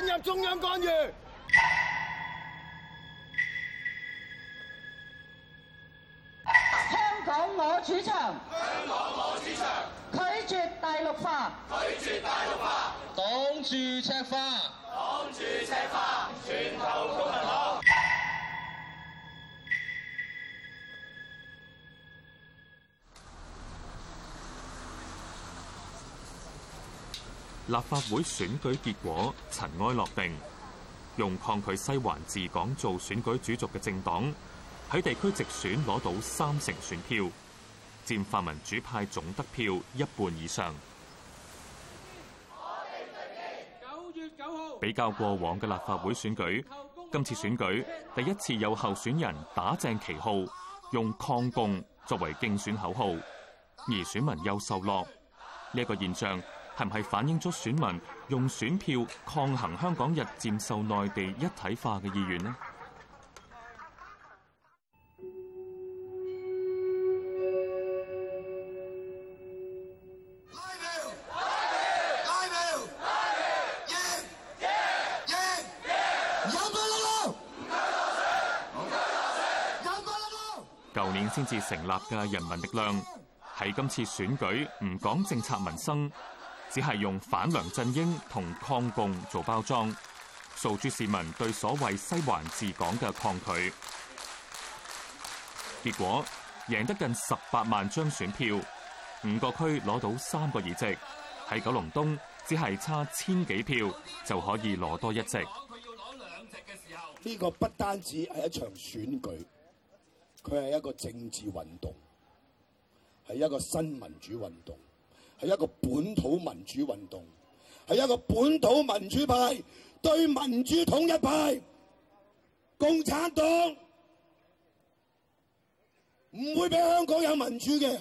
引入中央干預香港，我主場香港，我主場，拒絕大陸化，拒絕大陸化，擋住赤化，擋住赤化，拳頭立法會選舉結果塵埃落定，用抗拒西環治港做選舉主軸嘅政黨喺地區直選攞到三成選票，佔泛民主派總得票一半以上。9 9比較過往嘅立法會選舉，投攻 今次選舉第一次有候選人打正旗號，用抗共作為競選口號，而選民又受落呢、這個現象。係唔係反映咗選民用選票抗衡香港日漸受內地一體化嘅意願呢？舊年先至成立嘅人民力量，喺今次選舉唔講政策民生，只係用反梁振英同抗共做包裝，訴諸市民對所謂西環治港嘅抗拒，結果贏得近十八萬張選票，五個區攞到三個議席，喺九龍東只係差千幾票就可以攞多一席。呢個不單止係一場選舉，佢係一個政治運動，係一個新民主運動。係一個本土民主運動，係一個本土民主派對民主統一派、共產黨唔會俾香港有民主嘅。是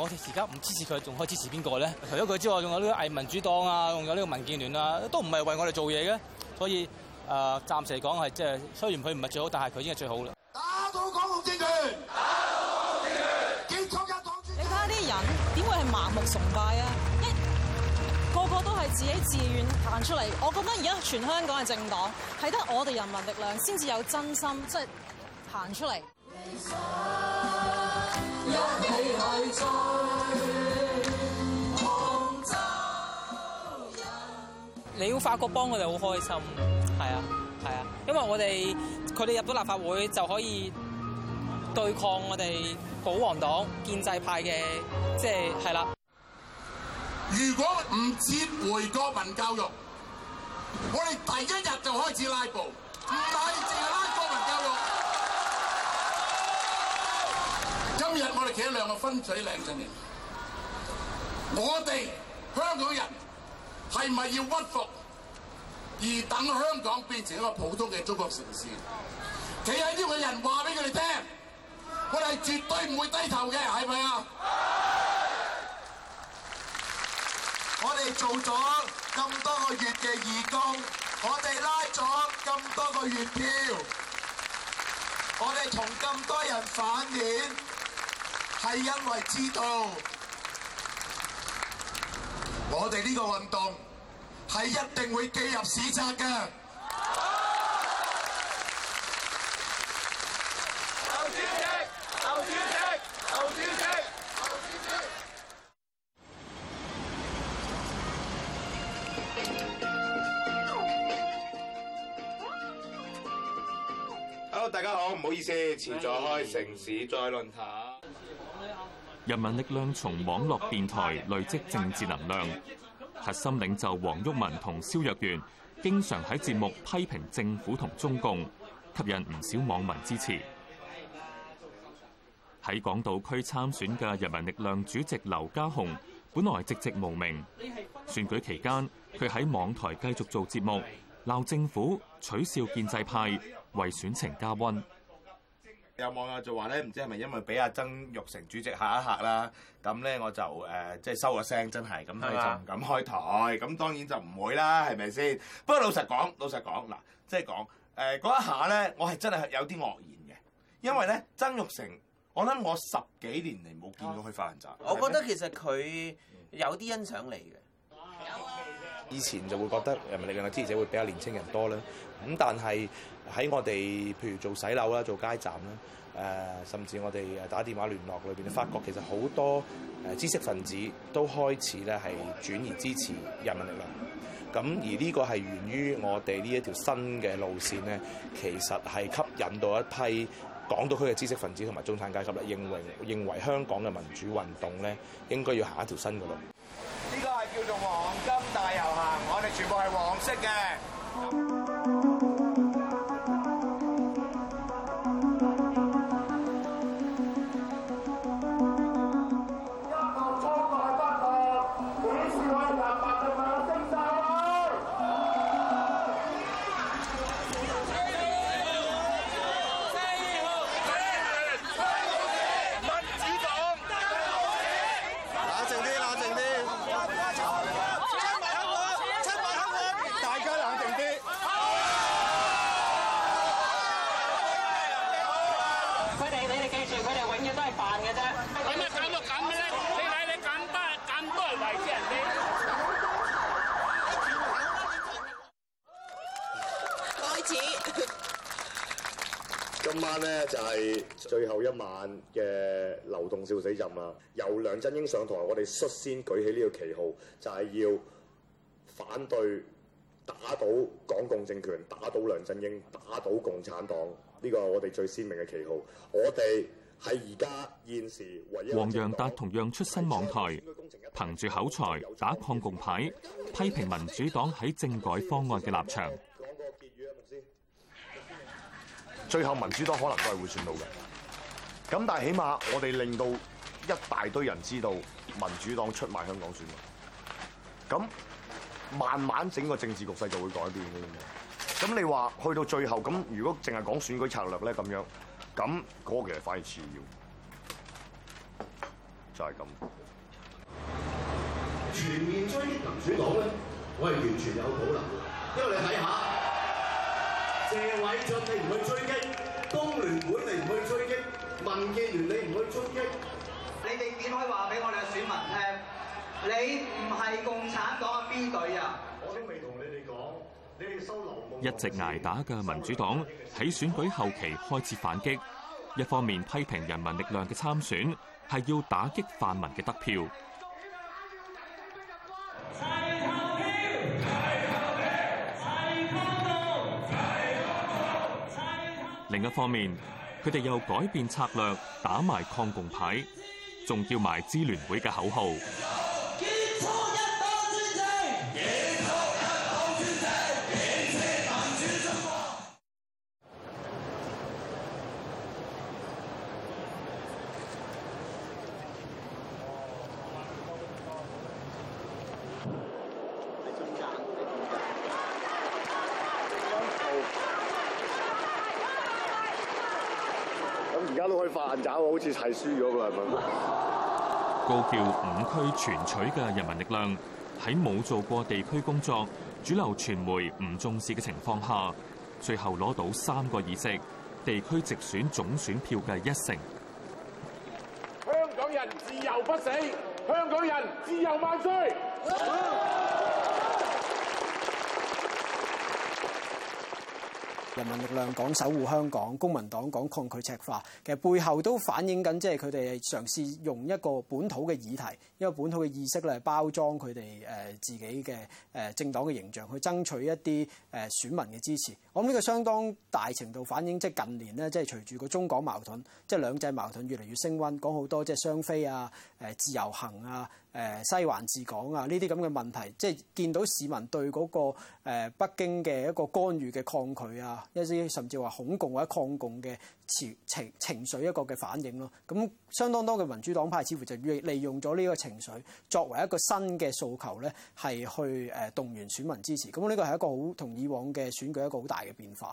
我哋而家唔支持佢，仲可以支持邊個咧？除咗佢之外，仲有呢個偽民主黨啊，仲有呢個民建聯啊，都唔係為我哋做嘢嘅。所以誒，暫、呃、時嚟講係即係雖然佢唔係最好，但係佢已經係最好啦。打倒港共政權！盲目崇拜啊！一個個都係自己自願行出嚟，我覺得而家全香港係政黨，係得我哋人民力量先至有真心，即係行出嚟。你要發覺幫我哋好開心，係啊係啊，因為我哋佢哋入到立法會就可以。對抗我哋保皇黨、建制派嘅，即係係啦。如果唔接回國民教育，我哋第一日就開始拉布，唔係淨係拉國民教育。 今日我哋企喺兩個分水嶺上面，我哋香港人係咪要屈服，而等香港變成一個普通嘅中國城市？企喺呢個人話俾佢哋聽。我哋絕對唔會低頭嘅，係咪啊？我哋做咗咁多個月嘅義工，我哋拉咗咁多個月票，我哋同咁多人反面，係因為知道我哋呢個運動係一定會記入史冊嘅。唔好意思，遲咗開城市再論壇。人民力量從網絡電台累積政治能量，核心領袖黃毓民同蕭若元經常喺節目批評政府同中共，吸引唔少網民支持。喺港島區參選嘅人民力量主席劉家雄，本來籍籍無名，選舉期間佢喺網台繼續做節目，鬧政府，取笑建制派，為選情加温。有網友就話咧，唔知係咪因為俾阿曾鈺成主席嚇一嚇啦？咁咧我就、呃、即係收個聲，真係咁啊，吧就唔敢開台。咁當然就唔會啦，係咪先？不過老實講，老實講嗱，即係講嗰一下咧，我係真係有啲愕然嘅，因為咧曾鈺成，我諗我十幾年嚟冇見到佢發爛渣，我覺得其實佢有啲欣賞你嘅。嗯，有啊。以前就會覺得人民力量嘅支持者會比較年輕人多咧，咁但係喺我哋譬如做洗樓啦、做街站啦，誒甚至我哋誒打電話聯絡裏邊，發覺其實好多誒知識分子都開始咧係轉移支持人民力量。咁而呢個係源於我哋呢一條新嘅路線咧，其實係吸引到一批港島區嘅知識分子同埋中產階級啦，認為認為香港嘅民主運動咧應該要行一條新嘅路。呢個係叫做黃全部係黃色嘅。 呢就係、是、最後一晚嘅流動笑死人啦！由梁振英上台，我哋率先舉起呢個旗號，就係、是、要反對打倒港共政權，打倒梁振英，打倒共產黨。呢個係我哋最鮮明嘅旗號。我哋係而家現時唯一,一。黃洋達同樣出身網台，憑住口才打抗共牌，批評民主黨喺政改方案嘅立場。最後民主黨可能都係會選到嘅，咁但係起碼我哋令到一大堆人知道民主黨出賣香港選民，咁慢慢整個政治局勢就會改變嘅咁樣。咁你話去到最後，咁如果淨係講選舉策略咧咁樣，咁、那、嗰個其實反而次要，就係咁。全面追擊民主黨咧，我係完全有可能的。因為你睇下謝偉俊，你唔去追。林建你唔會出擊，你哋點可以話俾我哋嘅選民聽？你唔係共產黨嘅 B 隊啊！我都未同你哋講，你哋收一直捱打嘅民主黨喺選舉後期開始反擊，一方面批評人民力量嘅參選係要打擊泛民嘅得票。另一方面，佢哋又改變策略，打埋抗共牌，仲叫埋支聯會嘅口號。去飯盞，我好似係輸咗噶係咪？高叫五區全取嘅人民力量，喺冇做過地區工作、主流傳媒唔重視嘅情況下，最後攞到三個議席，地區直選總選票嘅一成。香港人自由不死，香港人自由萬歲！人民力量講守護香港，公民黨講抗拒赤化，其實背後都反映緊，即係佢哋嘗試用一個本土嘅議題，一個本土嘅意識嚟包裝佢哋誒自己嘅誒政黨嘅形象，去爭取一啲誒選民嘅支持。我諗呢個相當大程度反映，即係近年咧，即係隨住個中港矛盾，即係兩制矛盾越嚟越升溫，講好多即係雙非啊、誒自由行啊。誒西環治港啊，呢啲咁嘅問題，即係見到市民對嗰個誒北京嘅一個干預嘅抗拒啊，一啲甚至話恐共或者抗共嘅情情情緒一個嘅反應咯。咁相當多嘅民主黨派似乎就利用咗呢個情緒作為一個新嘅訴求咧，係去誒動員選民支持。咁呢個係一個好同以往嘅選舉一個好大嘅變化。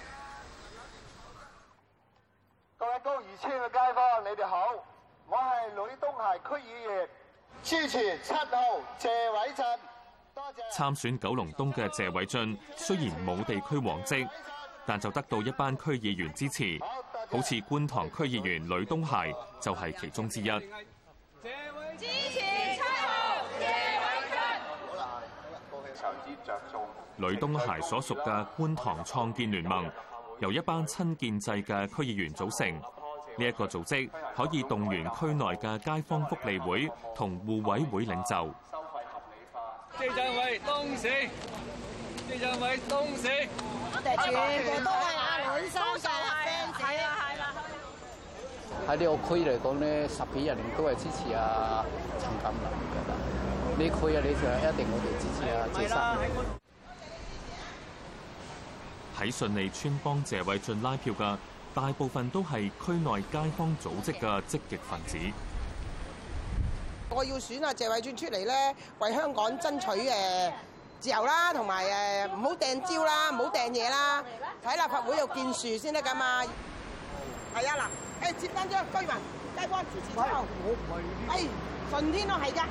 各位街坊，你哋好，我係呂東孩區議員支持七號謝偉俊，多參選九龍東嘅謝偉俊，雖然冇地區往績，但就得到一班區議員支持，好似觀塘區議員呂東孩就係其中之一。謝偉支持七號謝偉俊，呂東孩所屬嘅觀塘創建聯盟，由一班親建制嘅區議員組成。呢一個組織可以動員區內嘅街坊福利會同互委會領袖。收費合理化，謝振偉董事，謝振偉董事。喺呢個區嚟講呢十幾人，都係支持阿陳金林㗎。呢區啊，你就一定我哋支持阿謝生。喺順利村幫謝偉俊拉票㗎。大部分都係區內街坊組織嘅積極分子。我要選阿謝偉俊出嚟咧，為香港爭取誒自由啦，同埋誒唔好掟蕉啦，唔好掟嘢啦，喺立法會有建樹先得噶嘛。係啊，嗱，誒接單張居民街坊，誒順天都係噶。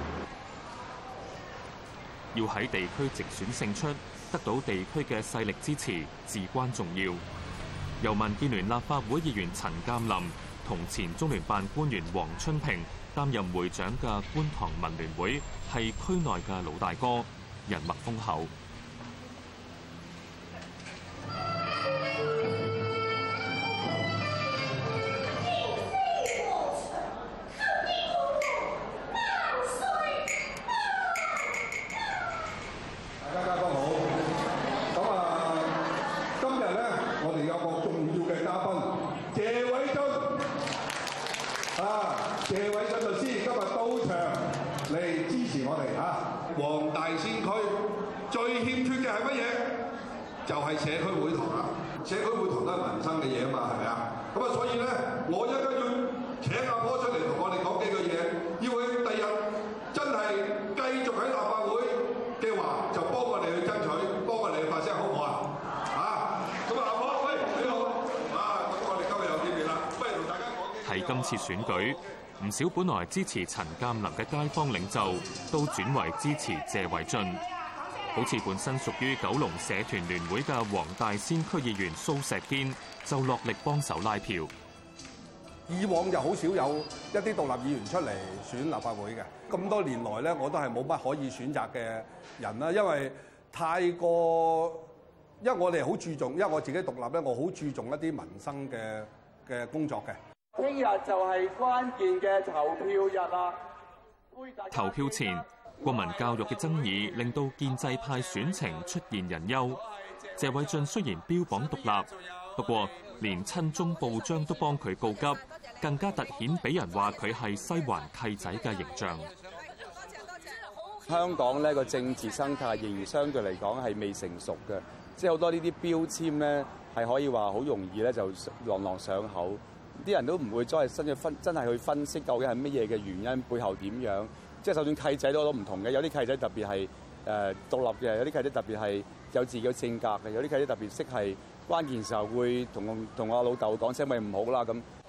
要喺地區直選勝出，得到地區嘅勢力支持，至關重要。由民建聯立法會議員陳鑑林同前中聯辦官員黃春平擔任會長嘅觀塘民聯會係區內嘅老大哥，人脈豐厚。嘅話就幫我哋去爭取，幫我哋去發聲，好唔好的啊？嚇！咁阿婆，喂，你好，啊！咁我哋今日又見面啦，不如同大家講。喺今次選舉，唔少本來支持陳鑑林嘅街坊領袖，都轉為支持謝偉俊。的好似本身屬於九龍社團聯會嘅黃大仙區議員蘇錫堅，就落力幫手拉票。以往就好少有一啲獨立議員出嚟選立法會嘅，咁多年來咧，我都係冇乜可以選擇嘅人啦，因為太過，因為我哋好注重，因為我自己獨立咧，我好注重一啲民生嘅嘅工作嘅。聽日就係關鍵嘅投票日啦！投票前，國民教育嘅爭議令到建制派選情出現人憂。謝偉俊雖然標榜獨立，不過連親中報章都幫佢告急。更加突顯，俾人話佢係西環契仔嘅形象。香港呢個政治生態仍然相對嚟講係未成熟嘅，即係好多呢啲標籤咧係可以話好容易咧就朗朗上口，啲、嗯嗯、人都唔會再係深入分真係去分析究竟係乜嘢嘅原因背後點樣。即係就算契仔都都唔同嘅，有啲契仔特別係誒獨立嘅，有啲契仔特別係有自己嘅性格嘅，有啲契仔特別識係關鍵時候會同同我老豆講聲，咪唔好啦咁。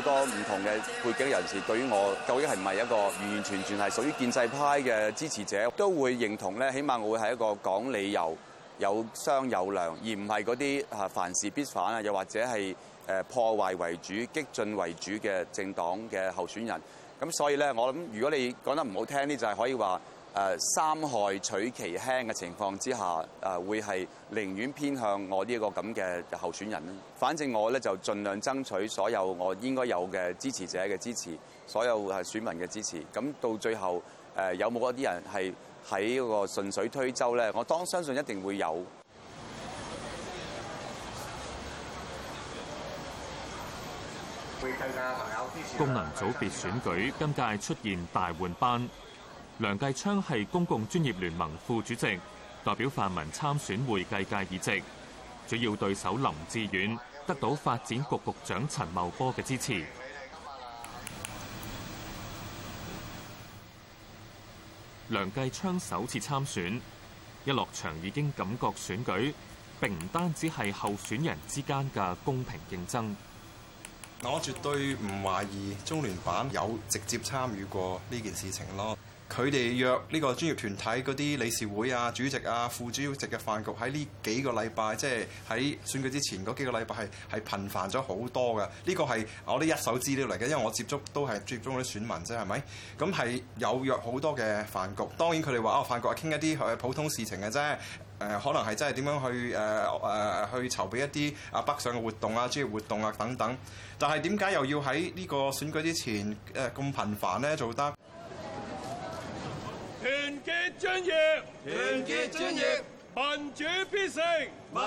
好多唔同嘅背景人士，對於我究竟係唔係一個完完全全係屬於建制派嘅支持者，都會認同咧。起碼我會係一個講理由、有商有量，而唔係嗰啲啊凡事必反啊，又或者係誒破壞為主、激進為主嘅政黨嘅候選人。咁所以咧，我諗如果你講得唔好聽啲，就係可以話，誒三害取其輕嘅情況之下，誒會係寧願偏向我呢個咁嘅候選人咧。反正我咧就盡量爭取所有我應該有嘅支持者嘅支持，所有係選民嘅支持。咁到最後誒，呃，有冇嗰啲人係喺個順水推舟咧？我當相信一定會有。功能組別選舉今屆出現大換班。梁繼昌係公共專業聯盟副主席，代表泛民參選會計界議席。主要對手林志遠得到發展局局長陳茂波嘅支持。梁繼昌首次參選，一落場已經感覺選舉並唔單止係候選人之間嘅公平競爭。我絕對唔懷疑中聯辦有直接參與過呢件事情咯。佢哋約呢個專業團體嗰啲理事會啊、主席啊、副主席嘅飯局，喺呢幾個禮拜，即係喺選舉之前嗰幾個禮拜係，係係頻繁咗好多嘅。呢、呢個係我呢一手資料嚟嘅，因為我接觸都係接觸嗰啲選民啫，係咪？咁係有約好多嘅飯局。當然佢哋話啊，哦、飯局係傾一啲普通事情嘅啫。誒、呃，可能係真係點樣去誒誒、呃呃、去籌備一啲啊北上嘅活動啊、專業活動啊等等。但係點解又要喺呢個選舉之前誒咁頻繁咧？做得？團結專業，團結專業，民主必勝，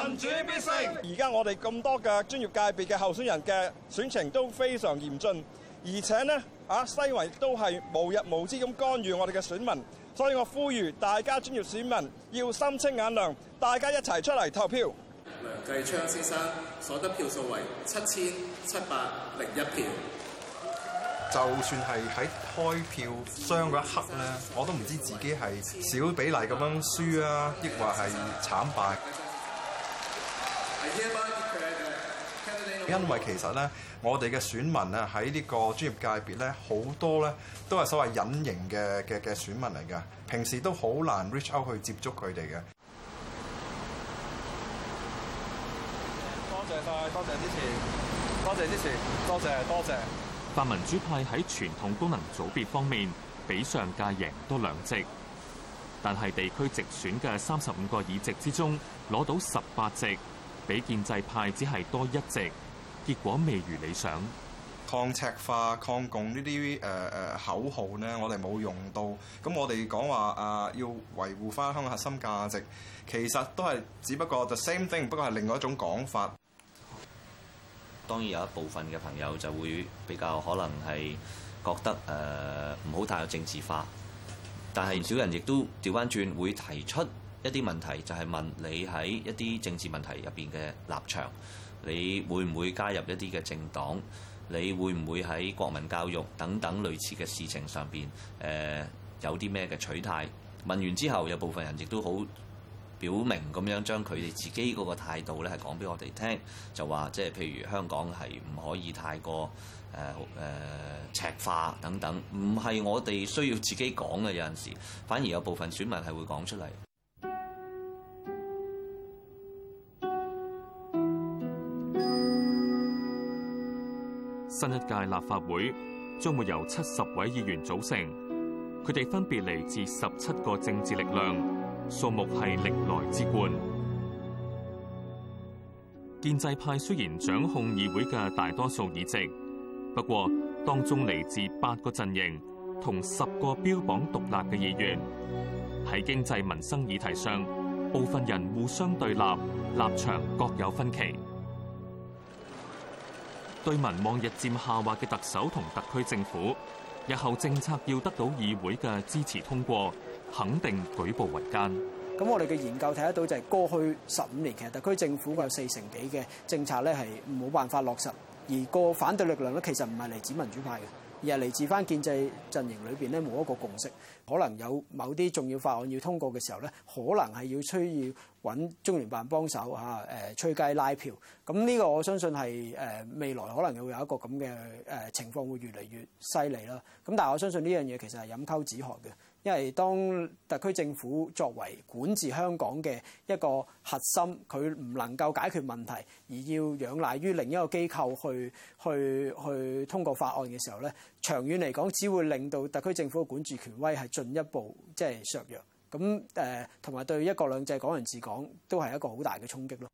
民主必勝。而家我哋咁多嘅專業界別嘅候選人嘅選情都非常嚴峻，而且呢，啊，西環都係無日無之咁干預我哋嘅選民，所以我呼籲大家專業選民要心清眼亮，大家一齊出嚟投票。梁繼昌先生所得票數為七千七百零一票。就算係喺開票箱嗰一刻咧，我都唔知自己係小比例咁樣輸啊，抑或係慘敗。因為其實咧，我哋嘅選民咧喺呢個專業界別咧，好多咧都係所謂隱形嘅嘅嘅選民嚟嘅，平時都好難 reach out 去接觸佢哋嘅。多謝曬，多謝支持，多謝支持，多謝多謝。泛民主派喺傳統功能組別方面比上屆贏多兩席，但係地區直選嘅三十五個議席之中，攞到十八席，比建制派只係多一席，結果未如理想。抗赤化、抗共呢啲、呃、口號呢，我哋冇用到，咁我哋講話啊、呃，要維護翻香港核心價值，其實都係只不過 the same thing，不過係另外一種講法。當然有一部分嘅朋友就會比較可能係覺得誒唔好太有政治化，但係唔少人亦都調翻轉會提出一啲問題，就係、是、問你喺一啲政治問題入面嘅立場，你會唔會加入一啲嘅政黨？你會唔會喺國民教育等等類似嘅事情上面誒、呃、有啲咩嘅取態？問完之後，有部分人亦都好，表明咁樣將佢哋自己嗰個態度咧，係講俾我哋聽，就話即係譬如香港係唔可以太過誒誒、呃呃、赤化等等，唔係我哋需要自己講嘅，有陣時反而有部分選民係會講出嚟。新一屆立法會將會由七十位議員組成，佢哋分別嚟自十七個政治力量。數目係歷來之冠。建制派雖然掌控議會嘅大多數議席，不過當中嚟自八個陣營同十個標榜獨立嘅議員，喺經濟民生議題上，部分人互相對立，立場各有分歧。.對民望日漸下滑嘅特首同特區政府，日後政策要得到議會嘅支持通過，肯定舉步維艱。咁我哋嘅研究睇得到就係過去十五年，其實特區政府有四成幾嘅政策咧係冇辦法落實，而個反對力量咧其實唔係嚟自民主派嘅。而係嚟自翻建制陣營裏面咧冇一個共識，可能有某啲重要法案要通過嘅時候咧，可能係要需要揾中聯辦幫手嚇，誒吹雞拉票。咁呢個我相信係、呃、未來可能會有一個咁嘅、呃、情況會越嚟越犀利啦。咁但係我相信呢樣嘢其實係飲鴆止渴嘅。因為當特區政府作為管治香港嘅一個核心，佢唔能夠解決問題，而要仰賴於另一個機構去去去通過法案嘅時候咧，長遠嚟講，只會令到特區政府嘅管治權威係進一步即係削弱。咁誒，同埋對一國兩制、港人治港都係一個好大嘅衝擊咯。